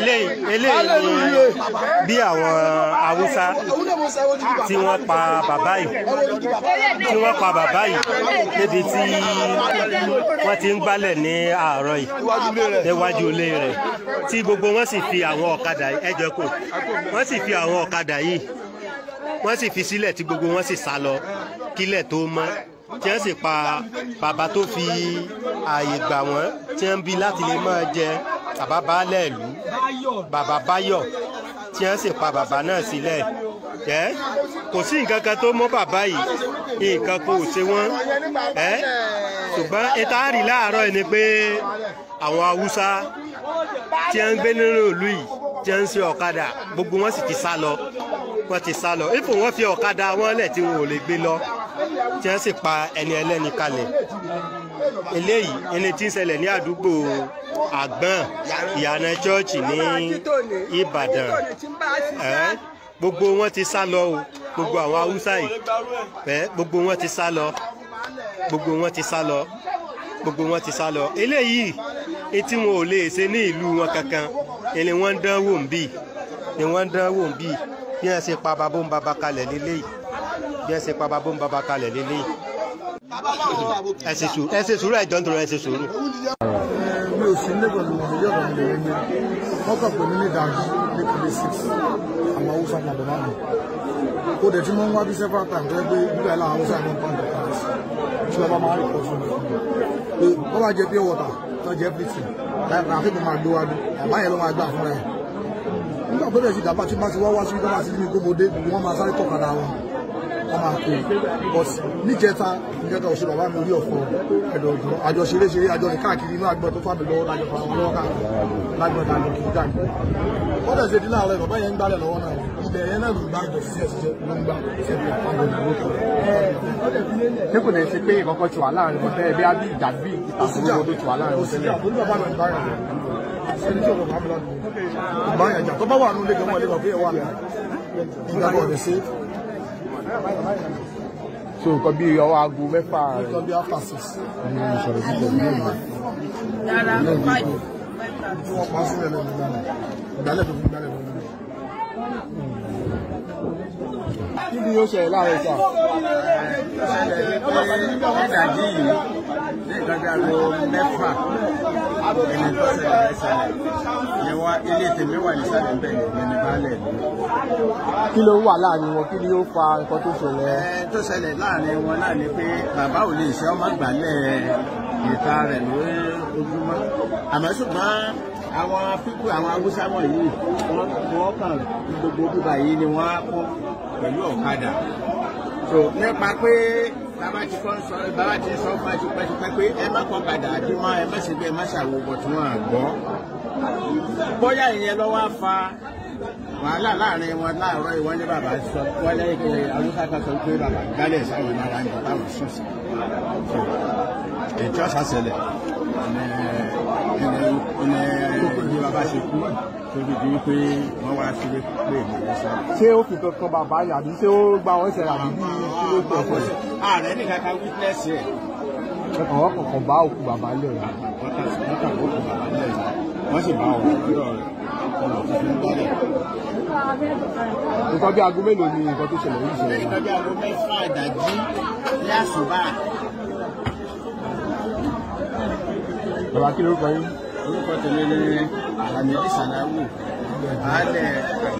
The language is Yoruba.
eléyìí eléyìí ni bí àwọn haúsá tí wọ́n pa bàbá yìí tí wọ́n pa bàbá yìí níbi tí wọ́n ti ń gbálẹ̀ ní àárọ̀ yìí níwájú ilé rẹ̀ tí gbogbo wọ́n sì fi àwọn ọ̀kadà ẹ̀jẹ̀ kò wọ́n sì fi àwọn ọ̀kadà yìí wọ́n sì fi sílẹ̀ tí gbogbo wọ́n sì sá lọ kílẹ̀ tó mọ́ tí wọ́n sì pa bàbá tó fi ààyè gbà wọ́n tí wọ́n ń láti lè máa jẹ bàbá baálẹ̀ ìlú bàbá báyọ̀ tí wọ́n sì pa bàbá náà sílẹ̀ ẹ́ kò sí nǹkan kan tó mọ́ bàbá yìí nǹkan kò ṣe wọ́n ẹ́ ṣùgbọ́n ìtaari láàárọ̀ ni pé àwọn haúsá tí wọ́n ń gbé nínú ìlú yìí tí wọ́n ń ṣe ọ̀kadà gbogbo wọn sì ti sá lọ wọ́n ti sá lọ ifò wọ́n fi ọ̀kadà wọn lẹ̀ tí wọn ò lè gbé lọ tí wọ́n sì pa ẹni ẹlẹ́ni kalẹ̀ eléyìí ẹni tí ń ṣẹlẹ̀ ní àdúgbò àgbọ̀n ìyànà chọ́ọ̀chì ní ìbàdàn gbogbo wọn ti sá lọ o gbogbo àwọn haúsá yìí gbogbo wọn ti sá lọ gbogbo wọn ti sá lọ gbogbo wọn ti sá lọ eléyìí etí wọn ò lè ṣe ní ìlú wọn kankan ni wọ́n ń dán wò ń bì ni wọ́n ń dán wò ń bì bí wọ́n ṣe pa babó ń baba kalẹ̀ lélẹ́yìí bí wọ́n ṣe pa babó ń baba kalẹ̀ lélẹ́yìí ẹ ṣe sùúrù ẹ ṣe sùúrù ẹjọ nítorí ẹ ṣe sùúrù. mi ò sí nígbà tó wọ́n yọ̀rọ̀ mi lè ní wọ́n kàn pé mi ní ìdájí ní kìlẹ̀ six àmọ́ haúsá ní àbọ̀ máa mọ̀ ó dẹ̀ tí mo ń wá bí several times tó yẹ pé nígbà ìlà haúsá ní ọ̀pá ìdọ̀ kan tí wọ́n bá máa rí pọ̀ fún mi pé wọ́n bá jẹ pure water tó jẹ everything láìpẹ́ àfihàn máa gbé wá bí àbáyẹ̀ ló máa gbà fúnra ẹ̀ nígbà tó dẹ̀ sì dàbà tí wọ́n bá ti wá wá sí wọ́n máa kó but níjẹta níjẹta òṣù bàbá mi orí ọ̀fọ̀ ẹ̀dọ̀ ọ̀dùn àjọ ṣeré ṣeré àjọ rìn inú àgbọn tó fàmì lọ́wọ́ lájọ fara wọn lọ́wọ́ káàkiri lágbọn tàbí kiri káàkiri. wọ́n dẹ̀ ṣe dín bàbá yẹn ń gbálẹ̀ lọ́wọ́ náà ilẹ̀ yẹn náà ló ìjọ sí ẹ̀sì ló ń gbá sẹ́bi àwọn ìdúró kan. ṣé kò ní ṣe pé ìkọ̀kọ̀ ti wà láàrin wọn tẹ́lẹ̀ bí a bí ìjà bí ìtàkùrọ̀ tó ti wà láàrin wọn tẹ́lẹ̀ báyà jà tó bá wà nínú ilé gan wọlé wà fún ẹ wà so nǹkan bí ọwọ́ aago mẹ́fà rẹ̀. nǹkan bí after six. ní ìṣòro títẹ̀ ní ìlú. dára five. kí ni ó ṣẹlẹ̀ láàárọ̀ sáà ní nǹkan bí aago mẹ́fà ẹni tó ṣẹlẹ̀ ẹsẹ̀lẹ̀ yẹn wá ilé tèmi wà nísàlẹ̀ bẹ́ẹ̀ yẹn ní baálẹ̀ mi. kí ló wà láàrin wọn kí ni ó fa nǹkan tó ṣẹlẹ̀. ẹ tó ṣẹlẹ̀ láàrin wọn náà pé bàbá ò lè ṣe ọmọ àgbàlẹ̀ ìta rẹ̀ lórí ojúmọ́ àmọ́ ṣùgbọ́n àwọn pípù àwọn haúsá wọ̀nyí wọ́n kàn gbogbo bíbá yìí ni wọ́n á kó pẹ̀lú ọ̀kadà so nípa pé bàbá ti kọ́ sọ bàbá ti sọ fún pé ẹ má kọ́ padà àti má ẹ má ṣe bí ẹ má ṣàwò bọ̀tún àgbọ̀ bóyá ìyẹn lọ wá fa wàhálà láàrin wọn láàárọ̀ ìwọ́n ní bàbá sọ wọ́n lẹ́yìn pé sọ pé bàbá gbálẹ̀ sáwọn ìmọ̀ràn ìjọba àwọn sùn sí ètò ọ̀sà ọmọ ẹgbẹ́ mi bàbá ṣe kú tóbi di wípé wọ́n wá sílé pé èmi ló sọ. ṣé ó fi kankan bàbá yà bí ṣé ó gba wọn ṣẹlẹ̀ àbí bí kí ló tẹ̀ fún ẹ. ààrẹ nìkan ká witness ẹ. ọwọ́ kankan bá òkú bàbá lẹ̀ rà. wọ́n kà òkú bàbá lẹ̀ rà wọ́n sì bá òkú lọ rẹ̀ nǹkan bí aago mélòó ni nǹkan tó ṣẹlẹ̀ yìí ṣẹlẹ̀. nǹkan bí aago mẹ́fà ìdájí ní àsùbà bàbá kí lórúkọ yín. orúkọ tèmi ni alamidu sanawu baálẹ̀